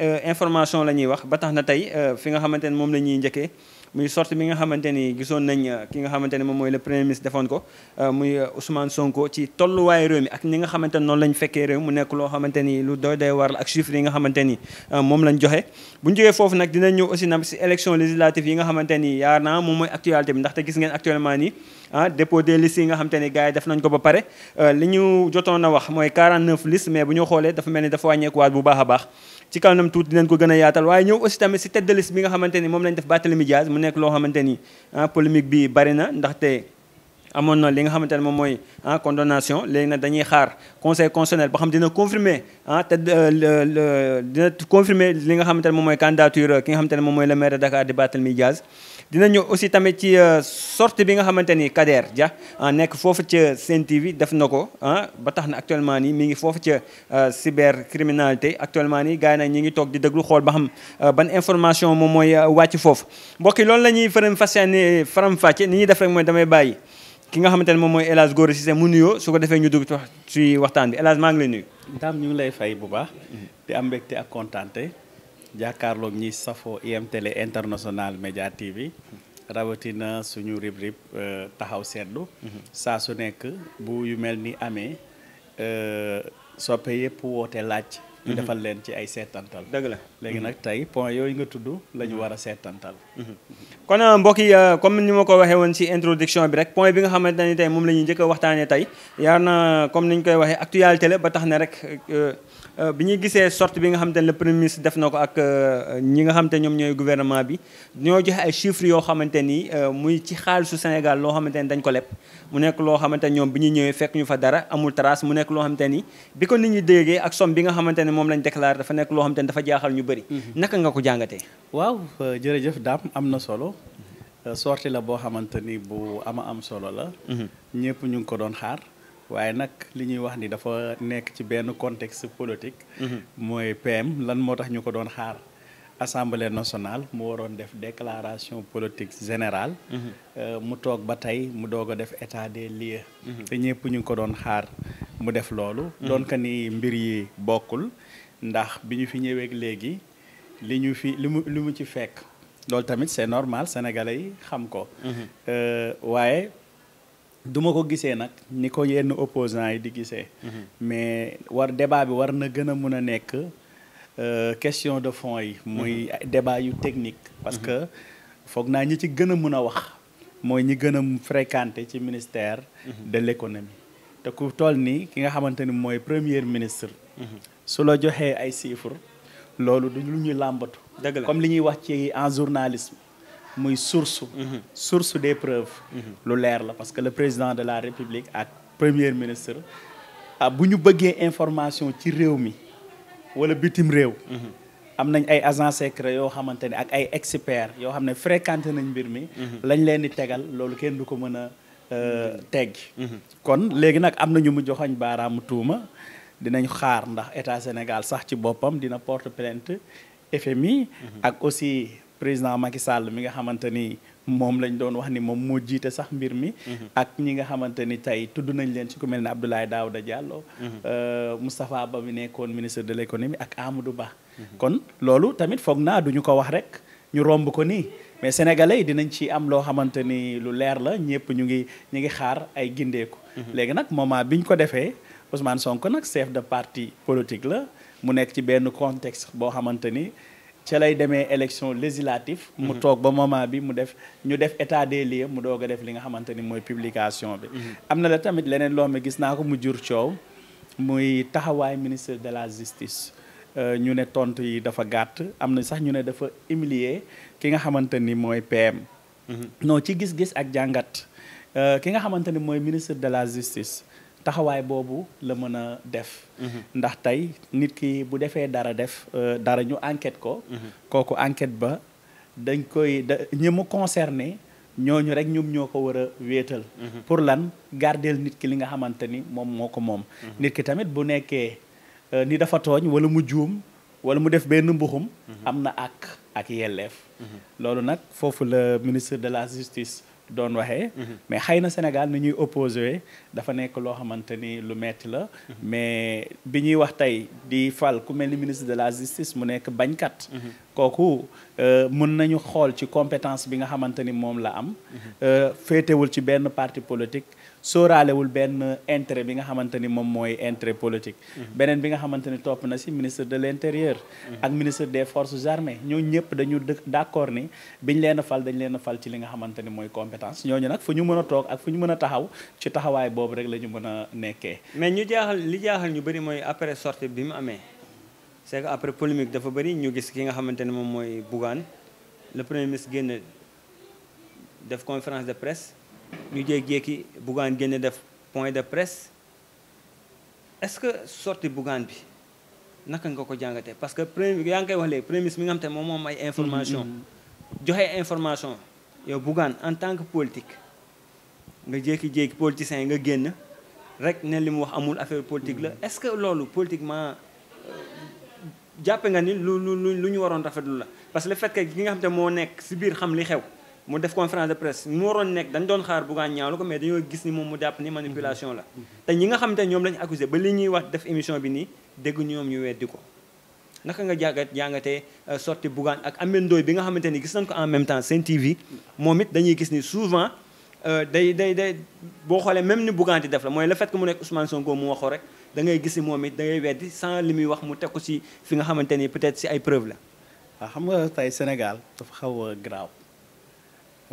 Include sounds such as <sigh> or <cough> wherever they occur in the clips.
Euh, information la ñuy wax ba tax na tey euh, fi nga xamante ne moom la ñuy njëkkee muy sorte bi nga xamante ni gisoon nañ euh, ki nga xamante ne moom mooy le premier ministre defoon ko muy Ousmane Sonko ci tolluwaayu réew mi ak ni nga ne noonu lañ fekkee réew mu nekk loo xamante ni lu doy doy war la ak chiffres yi nga xamante ni moom lañ joxe. bu ñu jógee foofu nag dinañ ñëw aussi nag si élection législative yi nga xamante ni yaar naa moom mooy actualité bi ndaxte gis ngeen actuellement nii. ah dépôt des listes yi nga xam te ni gars yi def nañ ko ba pare euh, li ñu jotoon a wax mooy 49 listes mais bu ñu xoolee dafa mel ni dafa wàññeekuwaat bu baax a baax ci kanam ko gën a yaatal waaye ñëw aussi tamit si tête de liste bi nga xamante ni moom lañ def Barthélémy Dias mu nekk loo xamante ni ah, polémique bi bari na ndaxte amoon na li nga xamante ne moom mooy ah condamnation léegi nag dañuy xaar conseil constitutionnel ba xam dina confirmer ah te euh, dina confirmer li nga xamante ne moom mooy candidature ki nga xamante ne moom mooy le maire de Dakar di Barthélémy dina dinañu aussi tamit ci euh, sortie bi nga xamante ni Kader Dia euh, nekk foofu ca Sen TV def na ko ah ba tax na actuellement nii mi ngi foofu ca euh, cybercriminalité actuellement nii gars yi nag ñi ngi toog di déglu xool ba xam ban information moom mooy wàcc foofu mbokk loolu la ñuy faram fàccee faram fàcce ni ñuy def rek mooy damay bàyyi ki nga xamante ne moom mooy El Hadj Gora Cissé mu nuyoo su ko defee ñu dugg ci waxtaan bi El Hadj maa ngi lay nuyu. Ndam ñu ngi lay fay bu baax. Mm-hmm. di am mbégte ak kontaante. jàkkaarloog ñi safoo IM télé international média TV rawatina suñu rib-rib euh, taxaw seetlu mm-hmm. saa su nekk bu yu mel ni amee euh, soppe yëpp woote laaj ñu mm-hmm. defal leen ci ay seetantal dëgg la léegi mm-hmm. nag tey point yooyu nga tudd la ñu war a seetantal kon euh, mbokk yi euh, comme ni ma ko waxee woon ci introduction bi rek point bi nga xamante ni tey moom la ñuy njëkk waxtaanee tey yaar na comme ni ñu koy waxee actualité la ba tax ne rek euh, bi ñuy gisee sorte bi nga xamante ne le premier ministre def na ko ak ñi nga xamante ne ñoom ñooy gouvernement bi ñoo joxe ay chiffres yoo xamante ni muy ci xaalisu Sénégal loo xamante ni dañ ko leb mu nekk loo xamante ni ñoom bi ñu ñëwee fekk ñu fa dara amul trace mu nekk loo xamante ni bi ko nit ñi déggee ak somme bi nga xamante ne moom lañ déclaré dafa nekk loo xamante ni dafa jaaxal ñu bëri mm-hmm. naka nga ko jàngatee waaw euh, jërëjëf Dame am na solo euh, sorti la boo xamante ni bu ama am solo la. Mhm. ñëpp ñu ngi ko doon xaar. waaye nag li ñuy wax ni dafa nekk ci benn contexte politique. Mhm. mooy PM lan moo tax ñu ko doon xaar. assemblée nationale mu waroon def déclaration politique générale. Mhm. Euh, mu toog ba tey mu doog a def état des lieux. te ñëpp ñu ngi ko doon xaar mu def loolu. doon ka ni mbir yi bokkul ndax bi ñu fi ñëweek léegi. li ñu fi li mu li mu ci fekk loolu tamit c'est normal sénégalais yi xam ko mhm. euh, waaye du ma ko gisee nag ni ko yenn opposants yi di gisee mhm. mais war débat bi war na gën a mun a euh, question de fond yi muy mhm. débat yu technique parce que foog naa ñi ci gën a mun a wax mooy ñi gën fréquenté ci ministère de l'économie te ku toll ni ki nga xamante ni mooy premier ministre su la joxee ay chiffres loolu du lu lambatu làmbatu. la comme liñuy wax ci en journalisme muy source. Mhm. source des preuves. Mhm. lu leer la parce que le président de la république ak premier ministre a ah, buñu ñu bëggee information ci réew mi wala bitim réew. Mhm. am nañ ay agents secrets yoo xamante ne ak ay experts yoo xam ne fréquenté nañ mbir mi. lañ leen di tegal loolu kenn du ko mën a euh, teggi. kon léegi nag am na mu joxañ baaraamu tuuma. dinañ xaar ndax état Sénégal sax ci bopam dina porte plainte FMI mhm. ak aussi président Macky Sall mi nga xamanteni mom lañ doon wax ni mom mo jité sax mbir mi mhm. ak ñi nga xamanteni tay tuddu nañ leen ci ku melni Abdoulaye Daouda Diallo mhm. euh, Moustapha Ba mi nekkon ministre de l'économie ak Amadou Ba kon lolu tamit foog na duñu ko wax rek ñu romb ko ni mais sénégalais dinañ ci am lo xamanteni lu leer la ñepp ñu ngi ñi ngi xaar ay gindeeku légui nak moment biñ ko défé Ousmane Sonko nak chef de parti politique la mu nek ci ben contexte bo xamanteni ci lay démé élection législative mu mhm. tok ba moment bi mu def ñu def état des lieux mu doga def li nga xamanteni moy publication bi mhm. amna la tamit leneen loo xam gis nako mu jur ciow muy taxaway ministre de la justice euh, ñu né tontu yi dafa gàtt amna sax ñu né dafa humilier ki nga xamanteni moy PM mhm. non ci gis-gis ak jàngat euh, ki nga xamanteni moy ministre de la justice taxawaay boobu la mën a def. Mhm. ndax tey nit ki bu defee dara def euh, dara ñu enquête ko. Mhm. kooku enquête ba dañ koy da ñi mu concerné ñooñu rek ñoom ñoo ko war a wéetal. Mhm. pour lan gardeel nit ki li nga xamante ni moom moo ko moom. nit ki tamit bu nekkee euh, ni dafa tooñ wala mu juum wala mu def benn mbuxum. am na àq ak yelleef. loolu nag foofu la ministre de la justice. doon waxee mais xëy na Sénégal ni ñuy opposé dafa nekk loo xamante ni lu metti la mais bi ñuy wax tey di fal ku mel ni ministre de la justice mu nekk bañkat kooku euh, mun nañu xool ci compétence bi nga xamante ni moom la am euh, féetewul ci benn partie politique sóoraalewul benn intérêt bi nga xamante ni moom mooy intérêt politique mhm. beneen bi nga xamante ni topp na si ministre de l'intérieur mhm. ak ministre des forces armées ñoo ñëpp dañu d'accord ni biñ leen a fal dañ leen a fal ci li nga xamante ni mooy compétence ñooñu nag fu ñu mën a toog ak fu ñu mën a taxaw ci taxawaay boobu rek la ñu mën a nekkee mais ñu jaaxal li jaaxal ñu bëri mooy après sortie bi mu amee c'est que après polémique dafa bëri ñu gis ki nga xamante ne moom mooy Bougane le premier ministre génn def conférence de presse ñu jékki-jékki Bougane def point de presse est-ce que sorti Bougane bi naka nga ko jàngatee parce que premier yaa ngi premier ministre mi nga xam te moom moom ay information mm-hmm. joxe information yow Bougane en tant que politique nga jékki-jékki politicien nga génn rek né li wax amul affaire politique la mm-hmm. est-ce que lolu politiquement euh, jàppe nga ni lu lu lu ñu rafetlu la parce que le fait que gi nga xam te moo nekk si biir xam li xew mu def conférence de presse mu waroon nekk dañ doon xaar buggaan ñaawlu ko mais dañoo gis ni moom mu jàpp ni manipulation la te ñi nga xam te ñoom lañ accusé ba li ñuy wax def émission bi nii dégg ñoom ñu weddi ko naka nga jàngat jàngatee euh, sorti buggaan ak Ameth bi nga xamante ni gis nañ ko en même temps Sen TV moom it dañuy gis ni souvent euh, day day day boo xoolee même ni buggaan di def la mooy le fait que mu nekk Ousmane Sonko mu waxoo rek da ngay gis ni moom it da ngay weddi sans li muy wax mu teg ko ci fi nga xamante ni peut-être ci ay preuve la ah, xam nga tey Sénégal dafa xaw a grave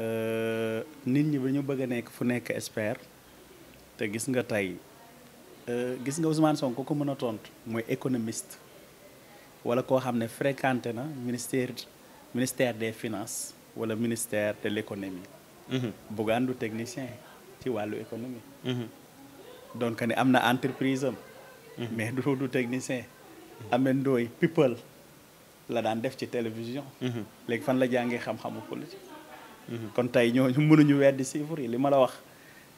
Euh, nit ñi bi ñu bëgg a nekk fu nekk expert te gis nga tey euh, gis nga Ousmane Sonko ko mën a tontu mooy économiste wala koo xam ne fréquenté na ministère ministère des finances wala ministère de l'économie mhm. Bougane du technicien ci wàllu économie mhm. donc ne am na entreprise am mhm. mais du du technicien amee ndooy people la daan def ci télévision léegi fan la jàngee xam-xamu politique Mhm. kon tey ñooñu <laughs> mënuñu weddi chiffres yi li ma la wax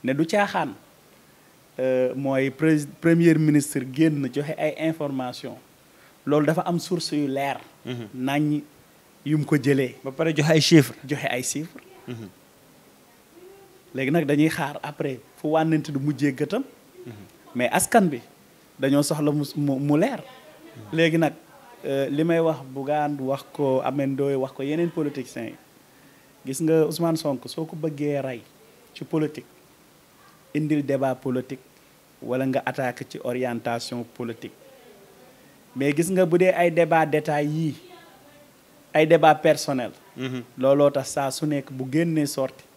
ne du caaxaan euh, mooy premier ministre génn joxe ay information loolu dafa am source yu leer mhm. nañ yum ko jëlee ba pare joxe ay chiffres joxe ay chiffres mhm. léegi nag dañuy xaar après fu wànnante du mujjee gëtam mais askan bi dañoo soxla mu mu leer léegi nag euh, li may wax Bougane wax ko Ameth Ndoye wax ko yeneen politiciens yi gis nga Ousmane sonk soo ko bëggee rey ci politique indil débat politique wala nga attaque ci orientation politique mais gis nga bu dee ay débat détail yii ay débat personnel mhm. looloo tax saa su nekk bu génnee sorti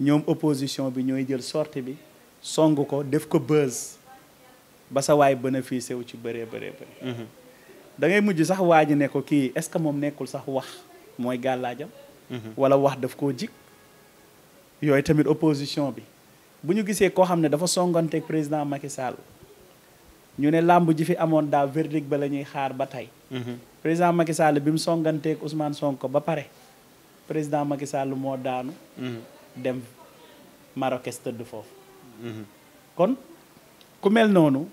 ñoom opposition bi ñooy jël sorti bi song ko def ko buzz ba sa waay bénéficié wu ci bëree bëree bëri mhm. mujj sax waa ji ne ko kii est-ce que moom nekkul sax wax mooy gàllaajam wala wax daf koo jik yooyu tamit opposition bi bu ñu gisee koo xam ne dafa songanteeg président Macky Sall ñu ne làmb ji fi amoon daa verdict ba la xaar ba tey mhm. président Macky Sall bi mu songanteeg Ousmane ko ba pare président Macky Sall moo daanu mhm. dem Marrakech tëdd foofu mhm. kon ku mel noonu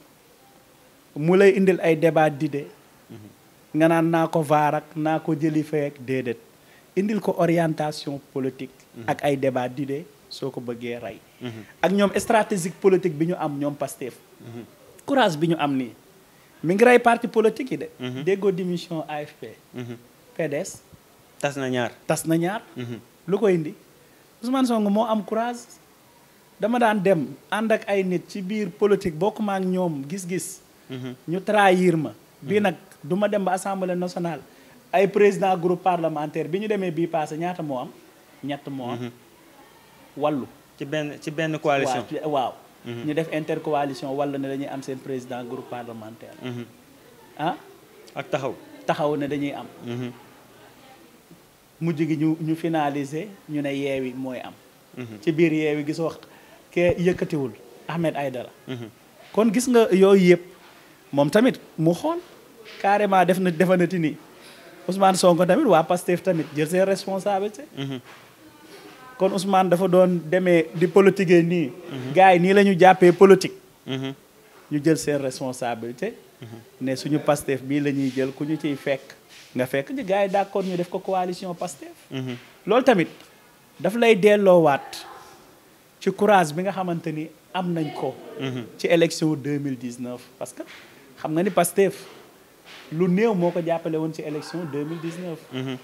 mu lay indil ay débat d'idées nga naan naa ko vaar ak naa ko jëli feek déedéet indil ko orientation politique. Mhm. ak ay débat d'idées soo ko bëggee rey. Mhm. ak ñoom stratégie politique bi ñu am ñoom Pastef. Mhm. courage bi ñu am nii mi ngi rey parti politique yi de. déggoo démission AFP. PDS. tas na ñaar tas na ñaar. lu ko indi Ousmane Sonko moo am courage dama daan dem ànd ak ay nit ci biir politique bokk ma ak ñoom gis-gis. ñu trahir ma. bii nag du dem ba assemblée nationale. ay président groupe parlementaire bi ñu demee bii passé ñaata moo am ñett moo am mhm. wàllu ci benn ci benn coalition waaw mhm. ñu def intercoalition wàllu ne dañuy am seen président groupe parlementaire mhm. ah? ak taxaw taxaw ne dañuy am mujj gi ñu ñu finaliser ñu ne yeewi mooy am ci biir yeewi gisoo kee yëkkatiwul Ahmed Aïdara kon gis nga yooyu yëpp moom tamit mu xool carrément def na defanati nii Ousmane Sonko tamit waa Pastef tamit jël seen responsabilité. Mhm. kon Ousmane dafa doon demee di politique nii. Mhm. gars yi nii la ñu jàppee politique. Mhm. ñu jël seen responsabilité. ne suñu Pastef bii la ñuy jël ku ñu ciy fekk. nga fekk ñu gars yi d'accord ñu def ko coalition Pastef. loolu tamit daf lay delloowaat ci courage bi nga xamante ni am nañ ko. ci élection 2019 parce que xam nga ni Pastef. lu néew moo ko jàppale woon ci élection 2019 mhm.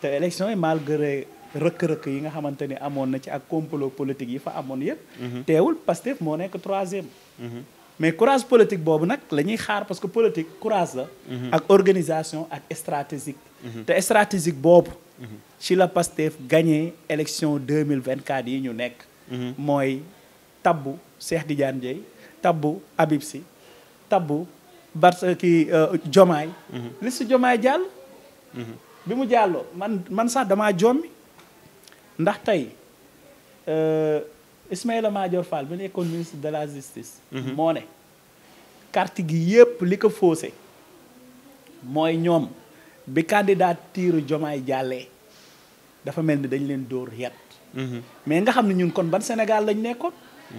te élection yi malgré rëkk-rëkk yi nga xamante ni amoon na ci ak complot politique yi fa amoon yëpp mhm. teewul Pastef moo nekk troisième mhm. mais courage politique boobu nag la ñuy xaar parce que politique courage la ak organisation ak stratégique te stratégique boobu ci la Pastef gagné élection 2024 yi ñu nekk mooy tabbu Cheikh Tidiane Dièye tabbu Habib Sy tabbu Bart euh, kii Jomaay. Euh, mhm. liste Jomaay jàll. Mhm. bi mu jàlloo man man sax damaa jommi ndax tey euh, Ismaïla Madior Fall bi nekkoon ministre de la justice. Mhm. moo ne carte gi yépp li ko faussé mooy ñoom bi candidature Jomaay jàlle dafa mel ni dañ leen dóor yat mais nga xam ne ñun kon ban Sénégal lañ nekkoon.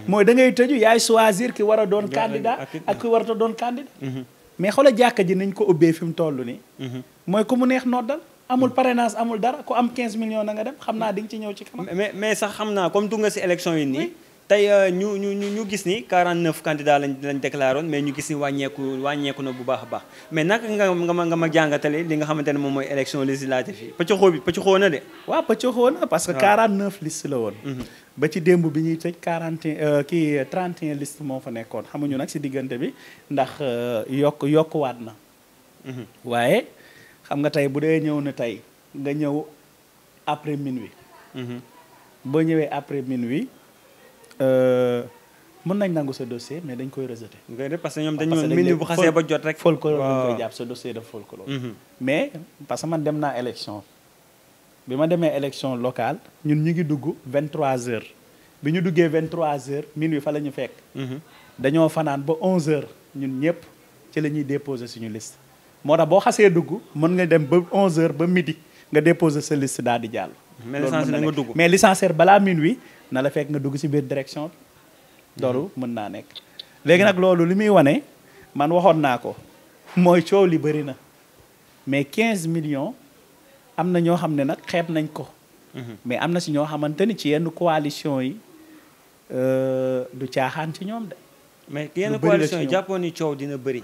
mooy da ngay tëju yaay choisir ki war a doon candidat ak ki warata doon candidat mm-hmm. mais xoola jàkka ji nañ ko ubbee fi mu toll nii mm-hmm. mooy ku mu neex noddal amul mm-hmm. parrainage amul dara ku am 15 millions na nga dem xam naa di nga ci ñëw ci kanam mais sax xam naa comme du nga si élection yi nii tey euh, ñu ñu ñu gis ni 49 candidats lañ lañ déclaroon mais ñu gis ni wàññeeku wàññeeku na bu baax a baax mais naka nga nga ma nga jàngatale li nga xamante ne moom mooy élection législative yi pëccoxoo bi pëccoxoo na de. waaw pëccoxoo na parce que 49 liste la woon. Mhm. ba ci démb bi ñuy tëj 41 euh, kii 31 liste moo fa nekkoon xamuñu nag si diggante bi ndax euh, yokk yokkuwaat na. Mhm. waaye xam nga tey bu dee ñëw na tey nga ñëw après minuit. Mhm. boo ñëwee après minuit. Euh, mën nañ nangu sa dossier mais dañ koy rejeté. parce que ñom ah, dañ ñëw mbind bu xasee ba jot rek. folklore lañ koy japp sa dossier daf folklore. Mhm. mais parce que man dem naa élection bi ma démé élection locale ñun ñi ngi dugg 23h bi ñu duggé 23h minuit fa lañu ñu fekk. Mhm. dañoo fanaan ba 11h ñun ñëpp ci lañuy déposer déposé suñu liste. moo tax boo xasee dugg mën nga dem ba 11h ba midi nga déposer sa liste daal di jàll. mais licencié nga dugg mais licencié balaa minuit. na la fekk nga dugg si biir direction bi mën naa nekk léegi nag loolu li muy wane man waxoon naa ko mooy coow li bëri na mais 15 millions am na ñoo xam ne nag xeeb nañ ko mhm. mais am na si ñoo xamante ni ci yenn coalition yi euh, du caaxaan ci ñoom de mais yenn coalition yi jàppoon ni coow dina bëri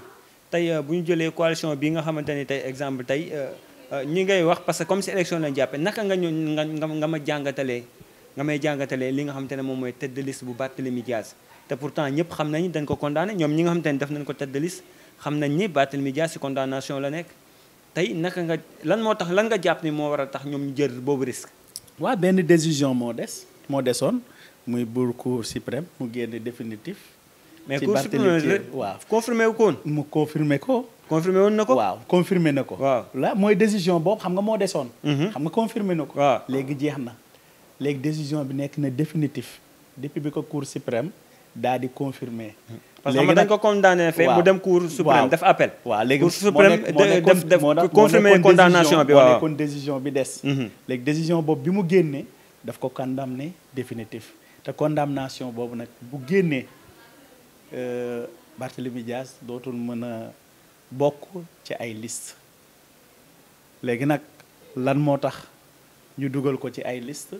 tey euh, bu ñu jëlee coalition bi nga xamante ni tey exemple tey euh, ñu ngay wax parce que comme si élection lañ jàppe naka nga ñu nga nga ma jàngatalee nga may jàngatalee li nga xamante ne moom mooy tête de liste bu Barthélémy Dias te pourtant ñëpp xam nañu dañ ko condamné ñoom ñi nga xamante ne def nañ ko tête de xam nañ ni Barthélémy Dias ci condamnation la nekk tey naka nga lan moo tax lan nga jàpp ni moo war a tax ñoom ñu jël boobu risque. waaw benn décision moo des moo desoon muy buur cour suprême mu génn définitif. mais cour suprême waaw confirmé wu ko woon. mu confirmé ko. confirmé woon na ko waaw confirmé na ko. waaw la mooy décision boobu xam nga moo desoon. Mhm. na ko. jeex na. Les décision bi nekk na définitif depuis que ko cour suprême d'a di confirmer parce que dañ ko condamné fait mu dem cour suprême def appel cour suprême a confirmé confirmer condamnation bi waaw kon décision bi mhm. décision boobu bi mu génnee daf ko condamné définitif La condamnation boobu nag bu génnee euh, Barthélemy Dias Diaz, mën a bokk ci ay liste léegi nag lan moo ñu dugal ko ci ay liste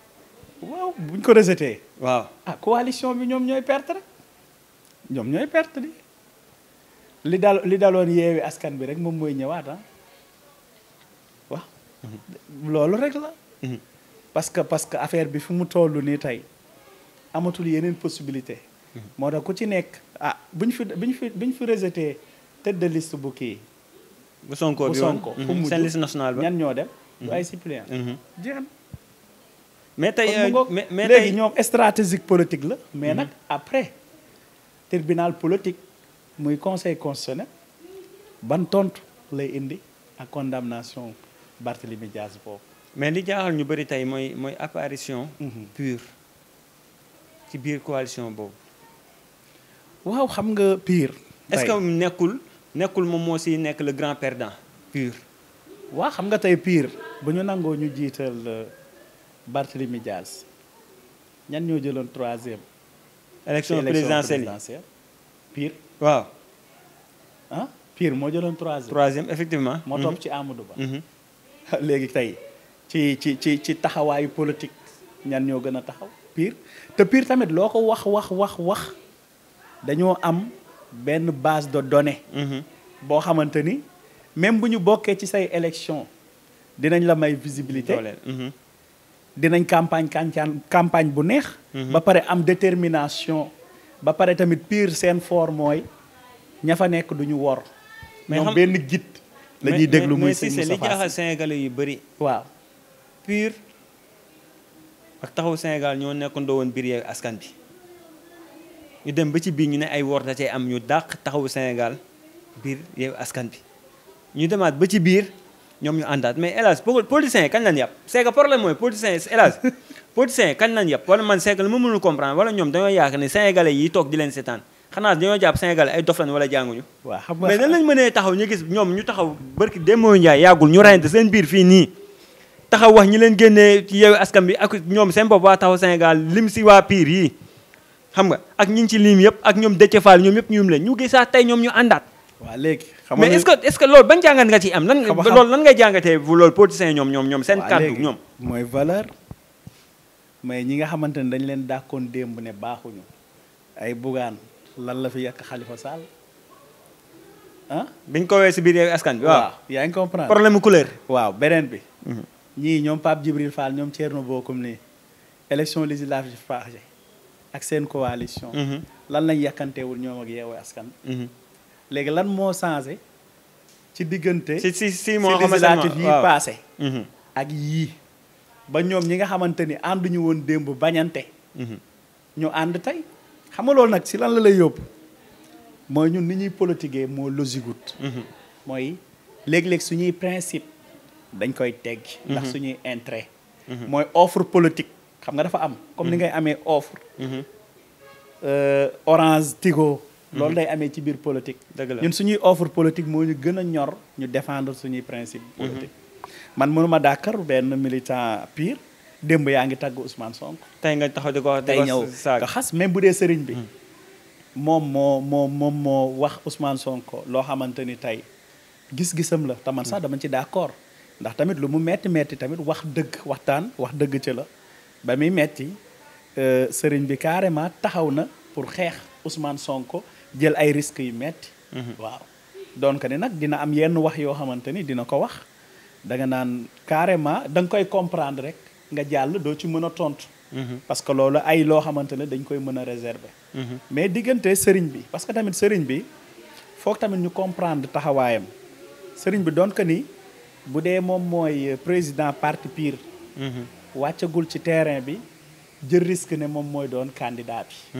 waaw buñ ko rejeté waaw ah coalition bi ñoom ñooy perte rek ñoom ñooy perte di li dal li daloon yeewi askan bi rek moom mooy ñëwaat ah waaw mm-hmm. loolu rek la mm-hmm. parce que parce que affaire bi fi mu toll nii tey amatul yeneen possibilité mm-hmm. moo tax ku ci nekk ah buñ fi buñ fi buñ fi rejeté tête de liste bu kii bu Sonko bi woon bu Sonko fu mu seen liste nationale ba ñan ñoo dem ay suppléant jeex na mais tey euh, stratégique politique la. mais mhm. nak, après tribunal politique muy conseil constitutionnel ban tontu les indi à condamnation Barthélémy Diaz. boobu. mais li jaaxal ñu bëri tey mooy mooy apparition. Mhm. pure ci biir coalition boobu. waaw xam nga pure. est-ce que Nekul, Nekul moom moo si nekk le grand perdant pure. Waouh, xam nga tey pure bu ñu ñu euh, Barthélemy Diaz ñan ñoo troisième. élection présidentielle pire. Wow. Hein? Ah, pire troisième. troisième effectivement. Je mhm. mhm. <laughs> politique pire te pire base de données. Mhm. même si nous avons ci say élection la may visibilité. dinañ campagne kanchan campagne bu neex mhm. ba paré am détermination ba paré tamit pire sen for moy ña fa nekk du wor ñoom ben git lañuy ñuy déglu muy ci ci jaaxal sénégalais yu bari waaw pire ak taxaw sénégal ñoo nekkandoo won bir yeeg askan bi ñu dem ba ci bi ñu ne ay wor da cay am ñu dakk taxaw sénégal bir yeeg askan bi ñu demat ba ci bir ñoom ñu àndaat mais hélas boogul politicien yi kañ lañ yàpp c'est que problème mooy politicien yi hélas <laughs> politicien yi wala man c'est que lu ma mënul comprendre wala ñoom dañoo yaakaar ne sénégalais yi toog di leen seetaan xanaa dañoo jàpp sénégalais ay dof lañ wala jànguñu mais nan lañ mënee taxaw ñu gis ñoom ñu taxaw barki démb Ndiaye yàggul ñu rayante seen biir fii nii taxaw wax ñi leen génnee ci yeewu askan bi ak ñoom seen bopp waa taxaw Sénégal lim si waa piir yi xam nga ak ñi ngi ci lim yëpp ak ñoom Déthié Fall ñoom yëpp ñum leen ñu gisaat tey ñoom ñu àndaat waa léegi mais est-ce que est-ce que loolu ban jàngat nga ci am nan loolu nan ngay jàngatee loolu politiciens ñoom ñoom ñoom seen kàddu ñoom mooy valeur mais ñi nga xamante ne dañ leen dàkkoon démb ne baaxuñu ay bugaan lan la fi yàq Khalifa Sall ah biñ ko wee si biir askan bi waaw yaa ngi comprendre problème couleur waaw beneen bi mhm. ñii ñoom Pape Djibril Fall ñoom Thierno Bocoum nii élection législative passée ak seen coalition mhm. lan lañ yàkkanteewul ñoom ak yeewu askan léegi lan moo changé ci diggante si si si moo législative yi passé mm-hmm. ak yii ba ñoom ñi nga xamante ni ànduñu woon démb bañante mm-hmm. ñu ànd tey xam nga loolu nag si lan la lay yóbbu mooy ñun ni ñuy politiquer moo logique mm-hmm. mooy léeg-léeg suñuy principe dañ koy teggi ndax suñuy intérêt mooy offre politique xam nga dafa am comme ni ngay amee offre euh, Orange Tigo loolu day amé ci biir politique. ñun suñuy offre politique moñu gëna ñor ñu défendre suñuy principe mhm. politique man mënuma dakar ben militant pire demb yaangi tag Ousmane Sonko. tay nga taxaw diko ko wax tey ñëw nga xas même bu dee sëriñ bi. mom mo mo moom mo wax Ousmane Sonko lo xamanteni tay gis-gisam la ta man sa mhm. dama ci d'accord ndax tamit lu mu metti metti tamit wax deug waxtaan wax deug ci la ba muy metti euh, sëriñ bi carrément taxaw na. pour xeex Ousmane Sonko jël ay risques yu metti mhm. waaw doon ko ni nag dina am yenn wax yoo xamante ni dina ko wax da nga naan carrément da nga koy comprendre rek nga jàll doo ci mën a tontu. Mhm. parce que loolu ay loo xamante ne dañ koy mën a réserver. Mhm. mais diggante sëriñ bi parce que tamit sëriñ bi foog tamit ñu comprendre taxawaayam sëriñ bi doon ko ni bu dee moom mooy président parti piir wàccagul ci terrain bi jël risque ne moom mooy doon candidat bi.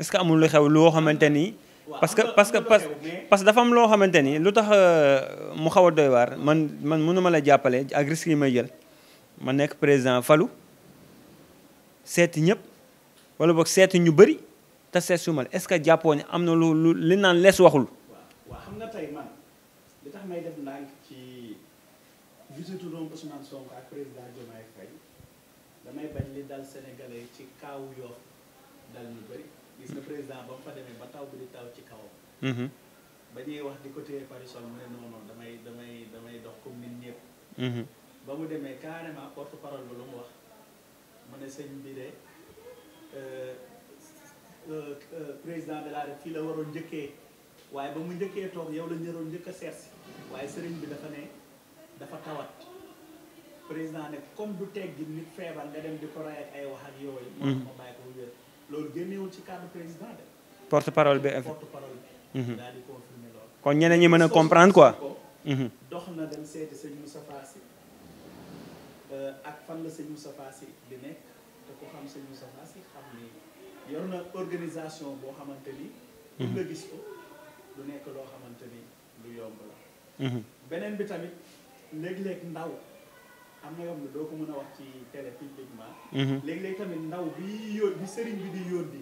est-ce que amul lu xew loo xamante ni. parce que parce que parce que dafa am loo xamante ni lu tax euh, mu xaw a doy man man mënu ma la jàppale ak risque yi may jël ma nekk président falu seeti ñëpp wala boo seeti ñu bëri te seet su ma est-ce que jàppoo ne am na lu lu li naan lees waxul. waaw xam nga tey ci visite ci kaaw gis nga président ba mu fa demee ba taw bi di taw ci kawam. Mhm. ba ñuy wax di ko téye parasol mu ne non non damay damay damay dox comme nit ñëpp. Mhm. ba mu demee carrément porte parole bu lu mu wax mu ne sëñ bi de euh, euh, euh, président de la République fii la waroon njëkkee waaye ba mu njëkkee toog yow la ñëroon njëkk a seet si waaye sëriñ bi dafa ne dafa tawat président ne comme du teggin nit feebar nga dem di ko rey ay wax ak yooyu. Mhm. moo ma bàyyi ko wér. loolu génneewul ci cadre président de. porte parole bi porte parole bi. Mhm. daal di confirmé loolu. kon ñeneen ñi mën a comprendre quoi. Mhm. dox na dem seeti sëñ Moustapha Sy euh, ak fan la sëñ Moustapha Sy di nekk te ku xam sëñ Moustapha Sy xam ni yor na organisation boo xamante ni. pour mhm. ko du nekk loo xamante ni lu yomb la. beneen bi tamit léeg-léeg ndaw. am na yoo ne doo ko mën a wax ci télé publiquement. Mhm. léeg-léeg tamit ndaw bi yóor bi sëriñ bi di yóor di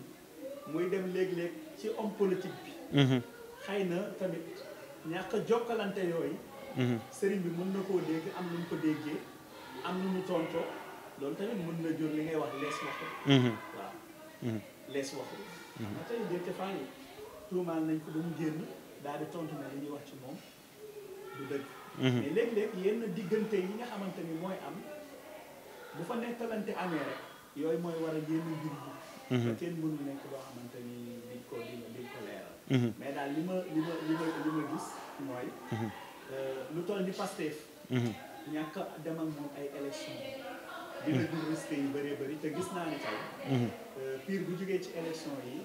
muy dem léeg-léeg ci homme politique bi. Mhm. xëy na tamit ñàkk a jokkalante yooyu. Mhm. sëriñ bi mën na koo dégg am nu mu ko déggee am nu ñu tontoo loolu tamit mën na jóo li ngay wax lees waxu. waaw lees waxu. xam nga tey jël ca tuumaal nañ ko ba mu génn daal di tontu na li ñuy wax ci moom du dëgg. Mhm. mais léeg-léeg yenn diggante yi nga xamante ni mooy am bu fa nekkalante amee rek yooyu mooy war a yenn jur gi mhm. te xamante ni di diñ ko leeral mhm. mais daal li ma li ma li ma li ma gis mooy euh, lu toll ni Pastef ñàkk dem ak moom ay élection dina jur risque yu bëree bëri te gis naa ni tey euh, pire bu jógee ci élection yi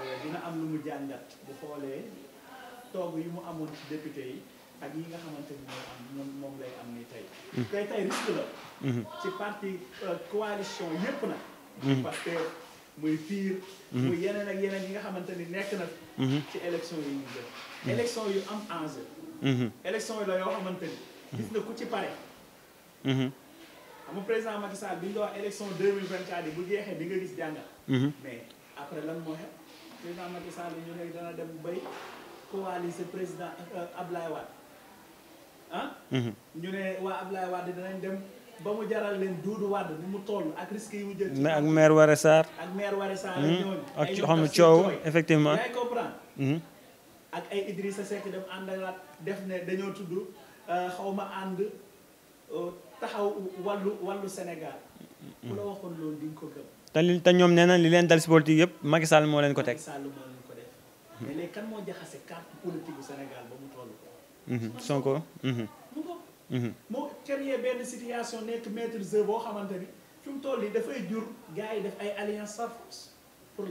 euh, dina am lu mu jàngat bu xoolee toog yi mu amoon ci député yi ak yi nga xamante ni moom moom lay am ni tey. Mm-hmm. tey tey risque la. ci mm-hmm. parti euh, coalition yépp nag. Mm-hmm. parce que muy fiir muy yeneen ak yeneen yi nga xamante ni nekk na. ci élection yi ñu jël. élection yu am enjeu. élection yi la yoo xamante ni. gis na ku ci pare. xam nga président Macky Sall bi nga wax élection deux mille vingt quatre yi bu jeexee di nga gis jàngal. mais après lan moo xew président Macky Sall ñu ne dana dem bay coaliser président euh, Wade. ah mhm. ñu ne waa Abdoulaye Wade danañ dem ba mu jaral leen Doudou Wade ni mu toll ak risque yi mu jël mais ak maire Waré Sarr ak maire Waré Sarr ak mhm. ñooñu ak xam ne coow effectivement ngay comprendre mhm. ak ay Idrissa Seck dem àndalaat def ne dañoo tudd euh, xaw ma ànd euh, taxaw wàllu wàllu Sénégal ku la waxoon loolu di ko gëm te li te ñoom nee li leen dal si politique yëpp Macky Sall moo leen ko teg Macky Sall moo leen Mhm. Sonko mhm. mhm. situation force pour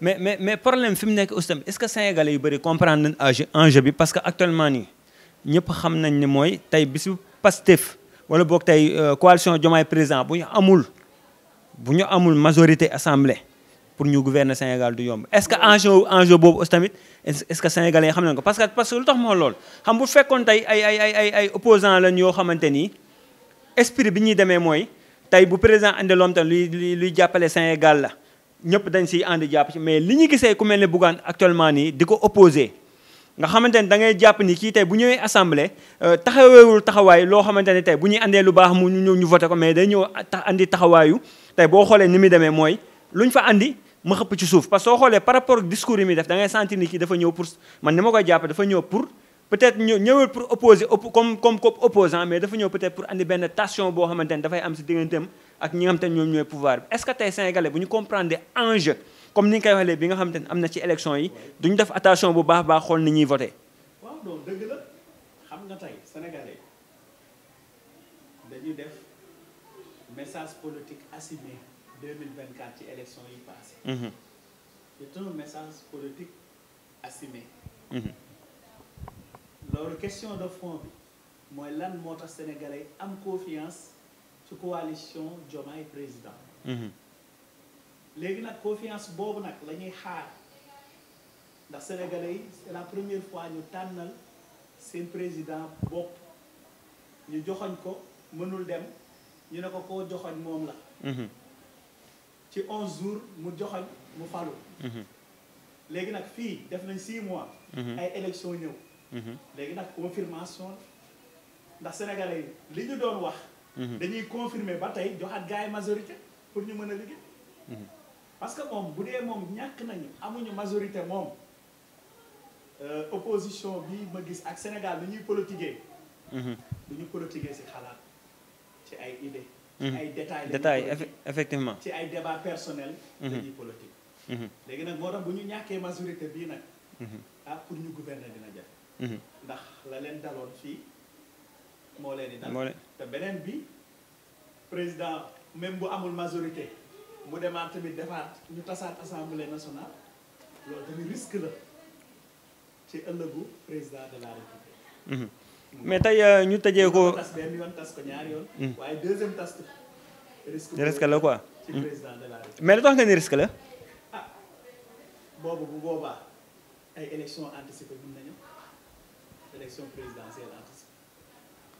mais mais mais problème est-ce que sénégalais yu bari comprendre parce que actuellement ni xam nañ bisu Pastef euh, coalition bu amul majorité assemblée pour ñu gouverner Sénégal du yomb est-ce que enjeu enjeu boobu aussi tamit est-ce que sénégalais yi ko parce que parce que lu tax moo lool xam bu fekkon tay ay ay ay ay ay opposant lañ yoo xamante esprit bi ñuy demee mooy tey bu président andi loom tam luy luy jàppale Sénégal la ñëpp dañ ci ànd japp ci mais li ñu gisee ku melni ne actuellement ni diko ko opposé nga xamanteni da ngay japp ni ki tay bu ñëwé assemblée euh, taxaweewul taxaway lo xamanteni tay bu ñuy andé lu baax mu ñu ñëw ñu voter ko mais dañ ñëw andi taxawayu tay bo xolé ni mi démé moy luñ fa andi ma xëpp ci suuf parce que soo xoolee par rapport ak discours yi muy def da ngay sentir ni kii dafa ñëw pour man ni ma koy jàppe dafa ñëw pour peut-être ñëw ñëwul pour opposer comme comme comme opposant mais dafa ñëw peut-être pour andi benn tension boo xamante ne dafay am si digganteem ak ñi nga xamante ne ñoom ñooy pouvoir bi est-ce que tey sénégalais bu ñu comprendre enjeu comme ni nga koy waxee bi nga xamante ne am na ci élection yi duñ def attention bu baax baax xool ni ñuy voter. waaw non dëgg la xam nga tey sénégalais dañuy def message politique assumé 2024 ci élection yi passé Mhm. C'est un message politique assumé. Mhm. question de fond moi sénégalais am confiance la coalition Diomaye président. Mhm. confiance sénégalais c'est la première fois nous nous un président ñu ko ci 11 jours mu joxal mu falu mhm. léegi nak fi def nañ 6 mois mhm. ay élection ñëw mhm. léegi nak confirmation ndax sénégalais li ñu doon wax dañuy confirmer ba tay joxat gaay majorité pour ñu mën a liggéey parce que mom bu dee moom ñàkk nañu amuñu majorité mom euh, opposition bi ma gis ak Sénégal lu ñuy politiquer lu ñu politiquer ci xalaat ci ay idée Mm-hmm. ay détails détails effectivement ci ay débat personnel dañuy mm-hmm. politique mm-hmm. léegi nag moo tax bu ñu ñàkkee majorité bii nag ah pour ñu gouverner dina jafe ndax la leen daloon fii moo leen di dal te beneen bi président même bu amul majorité mu demaat tamit defaat ñu tasaat assemblée national loolu tamit risque la ci ëllëgu président de la république mais tey euh, ñu tëjee ko. tas benn yoon ko ñaari hmm. la quoi. ci hmm. mais nga ni risque la. ah boobu bu boobaa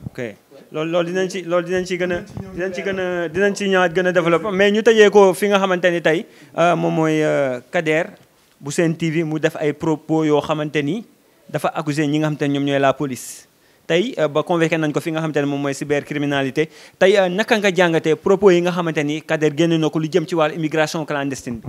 ok loolu loolu dinañ ci loolu dinañ ci gën a dinañ ci gën a dinañ ci ñëwaat gën a développé mais ñu tëjee fi nga xamante ni tey euh, moom mooy euh, Kader bu seen TV mu def ay propos yoo xamante ni dafa accusé ñi nga xam ni ñoom ñooy la police. Tay, eh, ba convoqué nañ ko fi nga xamanteni mom moy cybercriminalité tay eh, naka nga propos yi nga xamanteni Kader génn na lu jëm ci wal immigration clandestine bi.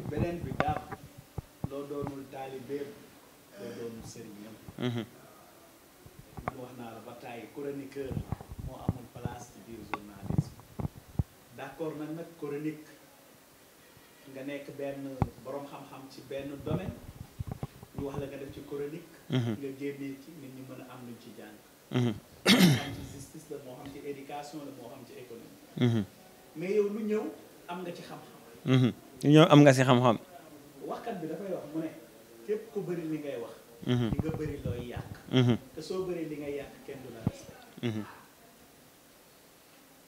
mm doo doonul taalibeem doo doonul sëriñam mhm. wax naa la ba tàyyi chroniqueur moo amul place ci biir journalisme d'accord nag nag chronique nekk benn boroom ci benn domaine ñu wax la nga def ci chronique mhm. nga ci am luñ ci jàng mhm. moo xam ci justice la moo lu ñëw am nga ci xam-xam lu ñëw am nga ci xam-xam waxkat bi dafay wax mu ne képp ku bëri li ngay wax mhm. di nga bëri looy yàq mhm. te soo bëri li ngay yàq kenn du la respect mhm.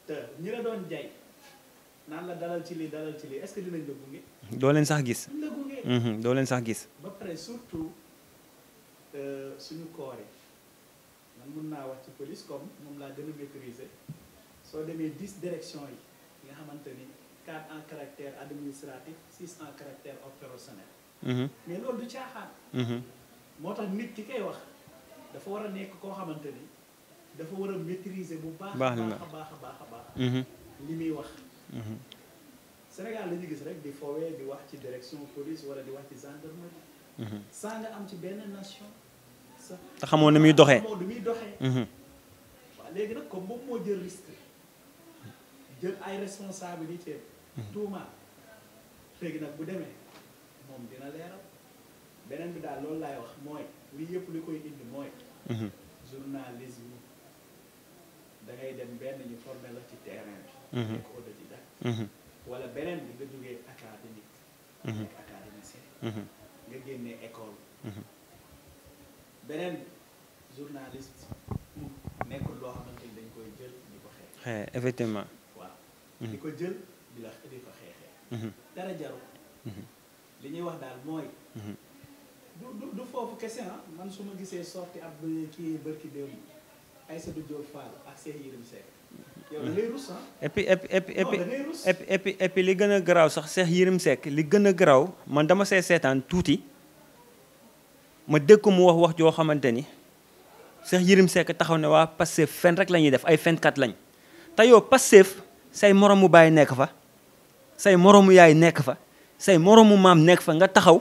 te ñi la doon jay naan la dalal ci lii dalal ci lii est-ce que dinañ la gunge doo leen sax gis la doo leen sax gis ba pare surtout euh, suñu koor yi man mun naa wax ci police comme moom laa gën a maîtriser soo demee dix yi nga xamante 4 en caractère administratif 6 en caractère opérationnel. Mm-hmm. mais loolu du caaxaan. Mm-hmm. moo tax nit ki kay wax dafa war a nekk koo xamante ni dafa war a maîtriser bu baax. baax a baax a baax a baax. Mm-hmm. li muy wax. Sénégal la ñu gis rek di foowee di wax ci direction police wala di wax ci gendarmerie. saa nga am ci benn nation. sa te xamoo ni muy doxee xamoo ni muy doxee. waaw léegi nag ko moom moo jël risque jël ay responsabilités. tuumaal léegi nag bu demee moom dina leeral beneen bi daal loolu laay wax mooy li yëpp li koy indi mooy mhm. journalisme da ngay dem benn ñu formé la ci terrain bi mhm. nekk mhm. wala beneen bi nga jógee académique nga génnee école beneen journaliste nekkul loo xamante ni dañ koy jël di ko xeex effectivement waaw di ko jël di la di fa xeexee. Mhm. Mhm. li ñuy wax daal mooy. Mhm. du ah. su ma gisee sorti ab gën a garaaw sax seex Yérim Seck li gën a garaaw man dama see seetaan tuuti ma dëkk mu wax wax joo xamante ni Cheikh Yérim sekk taxaw ne waa Pastef fen rek lañuy ñuy def ay fenkat lañ te yow Pastef say moromu bàyyi nekk fa. say moroomu yaay nekk fa say moroomu maam nekk fa nga taxaw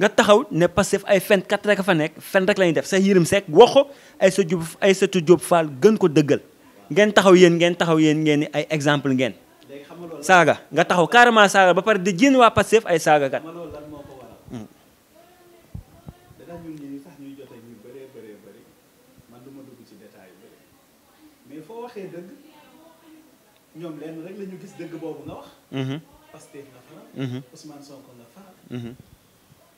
nga taxaw ne Pastef ay fenkat rek fa nekk fen rek la def say Yérim Seck wax ko ay sa jub ay sa Jóob Faal gën ko dëggal ngeen taxaw yéen ngeen taxaw yéen ngeen ni ay exemple ngeen saaga nga taxaw carrément saaga ba pare di jiin waa Pastef ay saaga kat ñoom lenn rek la ñu gis dëgg boobu nga wax Pastef nga fa. Ousmane Sonko nga fa. Mhm.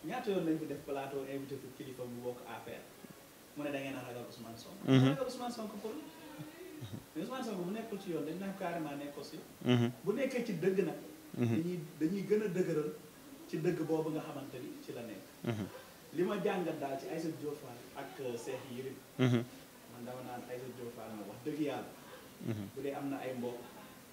ñaata yoon lañ fi def plateau invité fi kilifa bu bokk APR mu ne da ngeen a ragal Ousmane Sonko. Mhm. ragal Ousmane nekkul ci yoon dañ naan carrément nekkul si. Mhm. bu nekkee ci dëgg nag. dañuy gën a dëgëral ci dëgg boobu nga xamante ni ci la nekk. li ma jàngat daal ci Aïssatou Diop Fall ak euh, Cheikh Yérim. man dama naan Aïssatou Diop Fall wax dëgg yàlla. bu dee am na ay mbokk.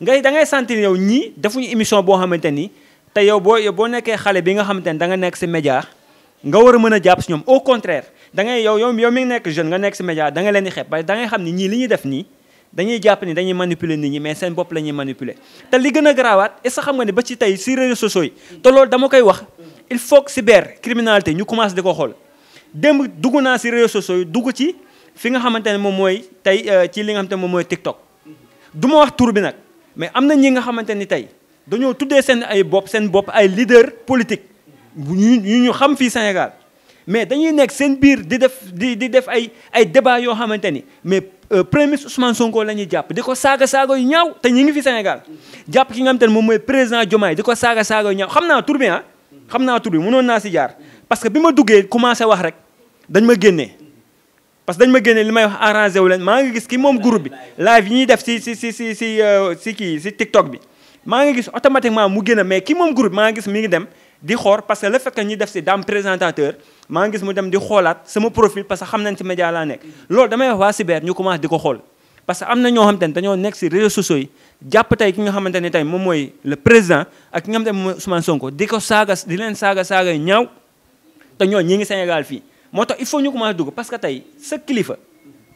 ngay da ngay sentir yow ñii defuñu émission boo xamante ni te yow boo boo nekkee xale bi nga xamante ni da nga nekk si média nga war a mën a jàpp si ñoom au contraire da ngay yow yow yow mi ngi nekk jeune nga nekk si média da nga leen di xeeb parce que xam ni ñii li ñuy def nii dañuy jàpp ni dañuy manipuler nit ñi mais seen bopp la ñuy manipuler te li gën a garaawaat est ce xam nga ne ba ci tey si réseaux sociaux yi te loolu dama koy wax il faut que cyber criminalité ñu commencé ko xool démb dugg naa si réseaux sociaux yi dugg ci fi nga xamante ne moom mooy tey euh, ci li moom mooy TikTok du ma wax tur mais am na ñi nga xamante ni tey dañoo tuddee seen ay bopp seen bopp ay leader politique ñu ñu xam fii Sénégal mais dañuy nekk seen biir di def di di def ay ay débat yoo xamante ni mais euh, premier Ousmane Sonko la ñuy jàpp di ko saaga saaga yu ñaaw te ñu ngi fi Sénégal jàpp ki nga xamante ne moom mooy président Diomaye di ko saaga saaga yu ñaaw xam naa tur bi ah xam naa tour bi mënoon naa si jaar parce que bi ma duggee commencé wax rek dañ ma génnee parce que dañ ma génne li may wax arrangé wu leen maa ngi gis ki moom groupe bi live yi ñuy def si si si euh, TikTok bi maa ngi gis automatiquement mu génn mais ki moom groupe maa ngi gis mi ngi dem di xool parce que le fait que def si daam présentateur maa ngi gis mu dem di xoolaat sama profil parce que xam nañ ci média laa nekk loolu damay wax waa cyber ñu commencé di ko xool parce que am na ñoo xam ne dañoo nekk si réseaux sociaux yi jàpp tey ki nga xamante ne tey moom mooy le président ak ki nga xamante ne moom mooy Sonko di ko saaga di leen saaga saaga yu ñaaw ñi ngi Sénégal fii moo il faut ñu commencé dugg parce que tey sa kilifa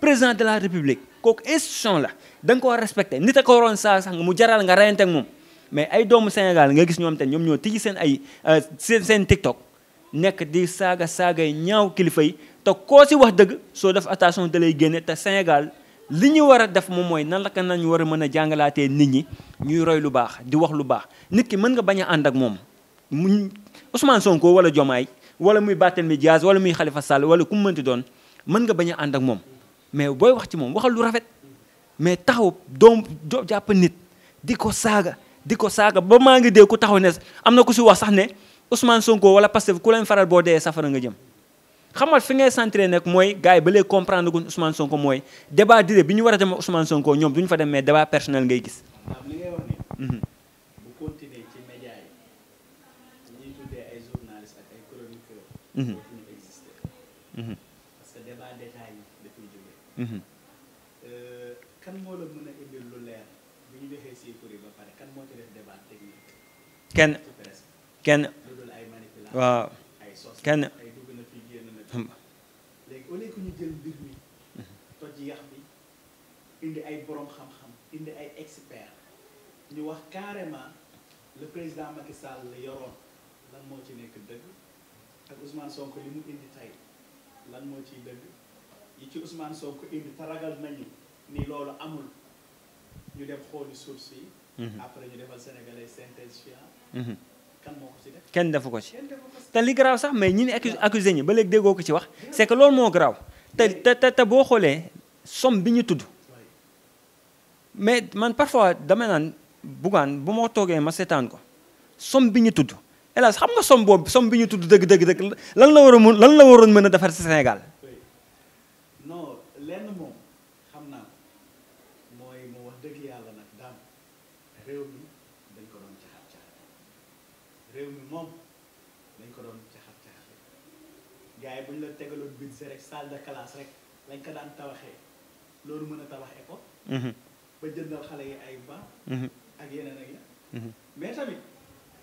président de la république kooku institution la da nga ko war respecté nit a ko waroon saa sax mu jaral nga rayante ak moom mais ay doomu Sénégal nga gis ñoom te ñoom ñoo tijji seen ay euh, seen seen TikTok nek di saga saga ñaaw kilifa yi te koo si wax deug so def attention da lay génne te Sénégal li ñu wara def moom mooy nan la kan nañu wara mëna mën nit ñi ñuy roy lu baax di wax lu baax nit ki mën nga bañ a ak moom Ousmane Sonko wala Diomaye wala muy Barthélémy Dias wala muy xalifa Sall wala ku mu mënti doon mën nga bañ a ànd ak moom mais booy wax ci moom waxal lu rafet mais taxaw doom jàpp nit di ko saaga di ko saaga ba maa ngi dee ku taxaw ne am na ku si wax sax ne Ousmane Sonko wala Pastef ku leen faral boo dee safara nga jëm xamal fi ngay centré nag mooy gars yi ba léegi comprendre guñ Ousmane Sonko mooy débat dire bi ñu war a dem Ousmane Sonko ñoom ñu fa dem mais débat personnel ngay gis. pour ñu exister. parce que débat détail yi dafay mm-hmm. euh, lu leer bu ñu joxee chiffres ba pare kan moo ci def débat technique. kenn kenn lu dul ay manipulation waaw kenn ay dugg na fi na léegi au ñu jël mbir mi mm-hmm. toj ay borom xam-xam indi ay expert ñu wax carrément le président Macky Sall la moo ci nekk dëgg ak Ousmane Sonko li mu indi tey lan moo ciy dëgg yi ci Ousmane Sonko indi te ragal nañu ni loolu amul ñu dem xooli source yi. Mhm. après ñu defal sénégalais synthèse fiable. Mhm. kan moo ko ci def kenn defu ko ci. te li garaaw sax mais ñi ni accusé ñi ba léegi déggoo ko ci wax c'est que loolu moo garaaw te te te boo xoolee somme bi ñu tudd. mais man parfois dama naan Bougane bu ma toogee ma seetaan ko somme bi ñu tudd. hélas xam nga somme boobu somme bi ñu tudd dëgg dëgg dëgg lan la war a mun lan la waroon mën a defar ci Sénégal. non lenn moom xam naa ko mooy mu wax dëgg yàlla nag daam réew mi dañ ko doon caxat caxat réew moom dañ ko doon caxat caxat yi bu ñu tegaloon bind rek salle de rek lañ ko daan tabaxee loolu mën a tabax ko mhm. ba jëndal xale yi ay banc. Mhm. ak yeneen ak yeneen. Mhm.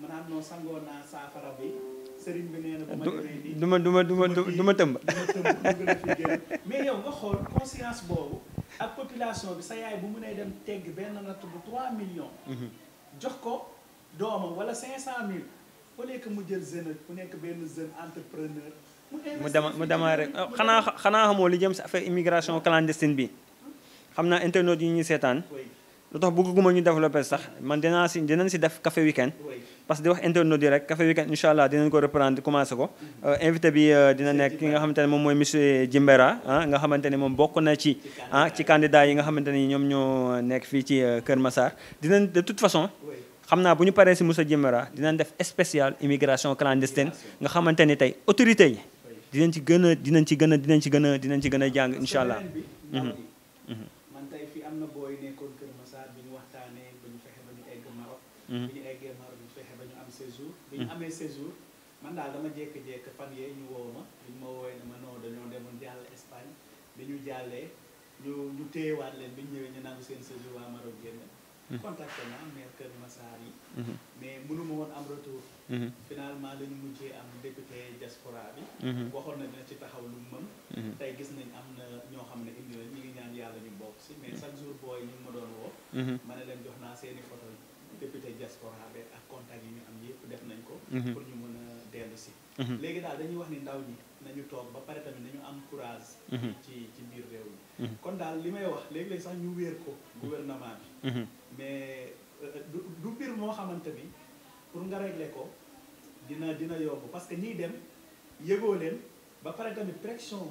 du ma du ma du ma du ma tëmb. mais yow nga xool conscience boobu ak population bi sa yaay bu mënee dem tegg benn natt bu 3 millions. Mhm. jox ko doomam wala 500000 au lieu que mu jël jeune ku nekk benn jeune entrepreneur. mu dama mu démarré oh, xanaa xanaa xamoo li jëm si affaire immigration clandestine bi xam naa internautes yi ñuy seetaan. lu tax bëgguma ñu développé sax man dinaa si dinañ si def café parce que di wax internet yi rek café weekend inshallah dinañ ko reprendre commencé ko euh, invité bi euh, dina nek ki nga xamanteni mom moy monsieur Jimbera ah nga xamanteni mom bokku na ci ah ci candidat yi nga xamanteni ñom ñoom ñoo nekk fii ci Keur Massar dinañ de toute façon xamna buñu paré ci monsieur Jimbera dinañ def spécial immigration clandestine nga xamanteni tay autorité yi dinañ ci gëna dinañ ci gëna dinañ ci gëna dinañ ci gëna jang inshallah hmm allah man tay fi amna boy nekkon Keur Massar biñu waxtane buñu fexé ñu egg Maroc mhm. amee séjour man daal dama jékki-jékki fan yee ñu woo ma biñ ma woowee ne ma non dañoo demoon jàll Espagne bi ñu jàllee ñu ñu téyewaat leen bi ñu ñëwee ñu nangu seen séjour waa Maroc génn. Mhm. contacté naa maire Kër Massar yi. Mhm. mais mënuma woon am retour. Mhm. finalement la ñu mujjee am député diaspora bi. waxoon na dina ci taxaw lu mu mën. tey gis nañ am na ñoo xam ne indi ñu ngi ñaan yàlla ñu bokk si mais chaque jour booy ñu ma doon woo. ma ne leen jox naa seen i yi. député diaspora bi ak contact yi ñu am yëpp def nañ ko mhm. pour ñu mën a dellu si mhm. léegi daal dañuy wax ni ndaw ñi nañu toog ba pare tamit nañu am courage mhm. ci ci biir réew mi kon daal li may wax léegi-léeg sax ñu wéer ko gouvernement bi mais euh, du du moo xamante bi pour nga régler ko dina dina yomb parce que ñiy dem yëgoo leen ba pare tamit pression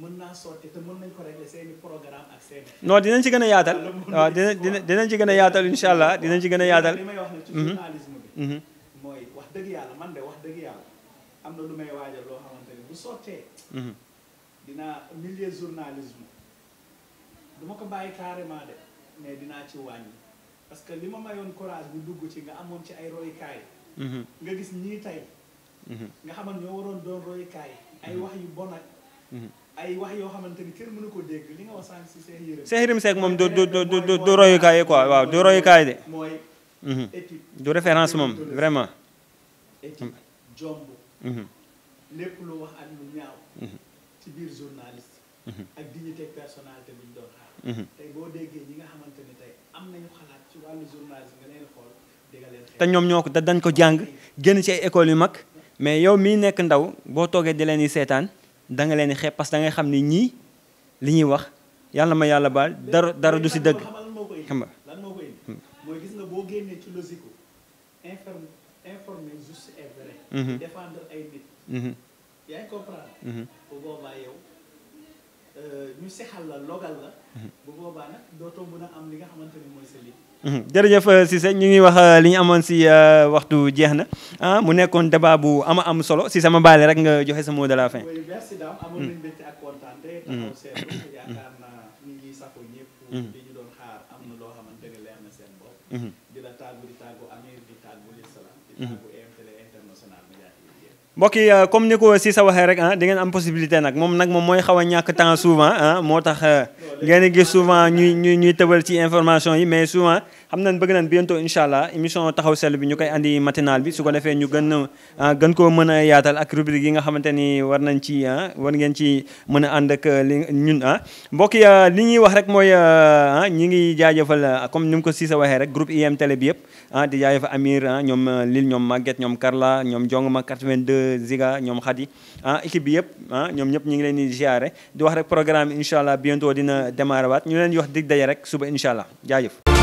mën naa sotti te mën nañ ko régler seeni programme ak seen non dinañ ci gën a yaatal waaw ah, dina dina dinañ ci gën a yaatal insha allah dinañ ci gën a yaatal li may wax ne ci mhm. journalisme mhm. mooy wax dëgg yàlla man de wax dëgg yàlla am na lu may waajal loo xamante ne bu sottee mhm. dinaa milieu journalisme du ko bàyyi carrément de mais dinaa ci wàññi parce que li ma mayoon courage bu dugg ci nga amoon ci ay roykaay nga gis ñii tey nga xaman ñoo waroon doon roykaay ay wax yu bon ak ay wax yoo xamante ni ko dégg li nga wax sànq moom du du du du du de. mooy mhm. étude. moom vraiment. Mhm. Mhm. lépp lu wax biir journaliste. ak dignité nga xamante ni tey te ñoom ñoo ko dañ ko jàng génn ci ay écoles yu mag mais yow miy nekk ndaw boo toogee di leen yi seetaan. da nga leen di xeeb parce que da xam ne ñii li ñuy wax yàlla ma yàlla baal dara dara du si dëgg. xam nga lan moo hmm. gis nga boo génnee ci logique informe informer juste ay nit. yaa ngi comprendre. Euh, la logal boobaa nag dootoo am li nga xamante ni mooy sa Mhm. jërëjëf euh, Cissé ñu ngi wax euh, li ñu amoon si euh, waxtu jeex na ah mu nekkoon débat bu ama am solo si sama baale rek nga joxe sa moo de la fin. oui comme ni ko si sa waxee rek ah di ngeen am possibilité nag moom nag moom mooy xaw ñàkk temps souvent ah, moo tax ngeen gis souvent ñuy ñuy ñuy tëbal ci information yi mais souvent. xam nañ bëgg nañ bientôt incha allah émission taxaw seetlu bi ñu koy andi matinal bi su ko defee ñu gën ah, gën koo mën a yaatal ak rubrique yi nga xamante ni war nañ ci ah, war ngeen ci mën a ànd ak ah, li ñun ah mbokk yi li ñuy wax rek mooy ñi ngi jaajëfal comme ni mu ko Cissé waxee rek groupe IM télé bi yëpp ah di jaajëfal Amir ñoom Lil ñoom Maguette ñoom Karla ñoom Jongma 82 Ziga ñoom Khady ah équipe bi yëpp ah ñoom ñëpp ñu ngi leen di ziare di wax rek programme incha allah bientôt dina démarrer waat ñu leen di wax dig daje rek suba incha allah jaajëf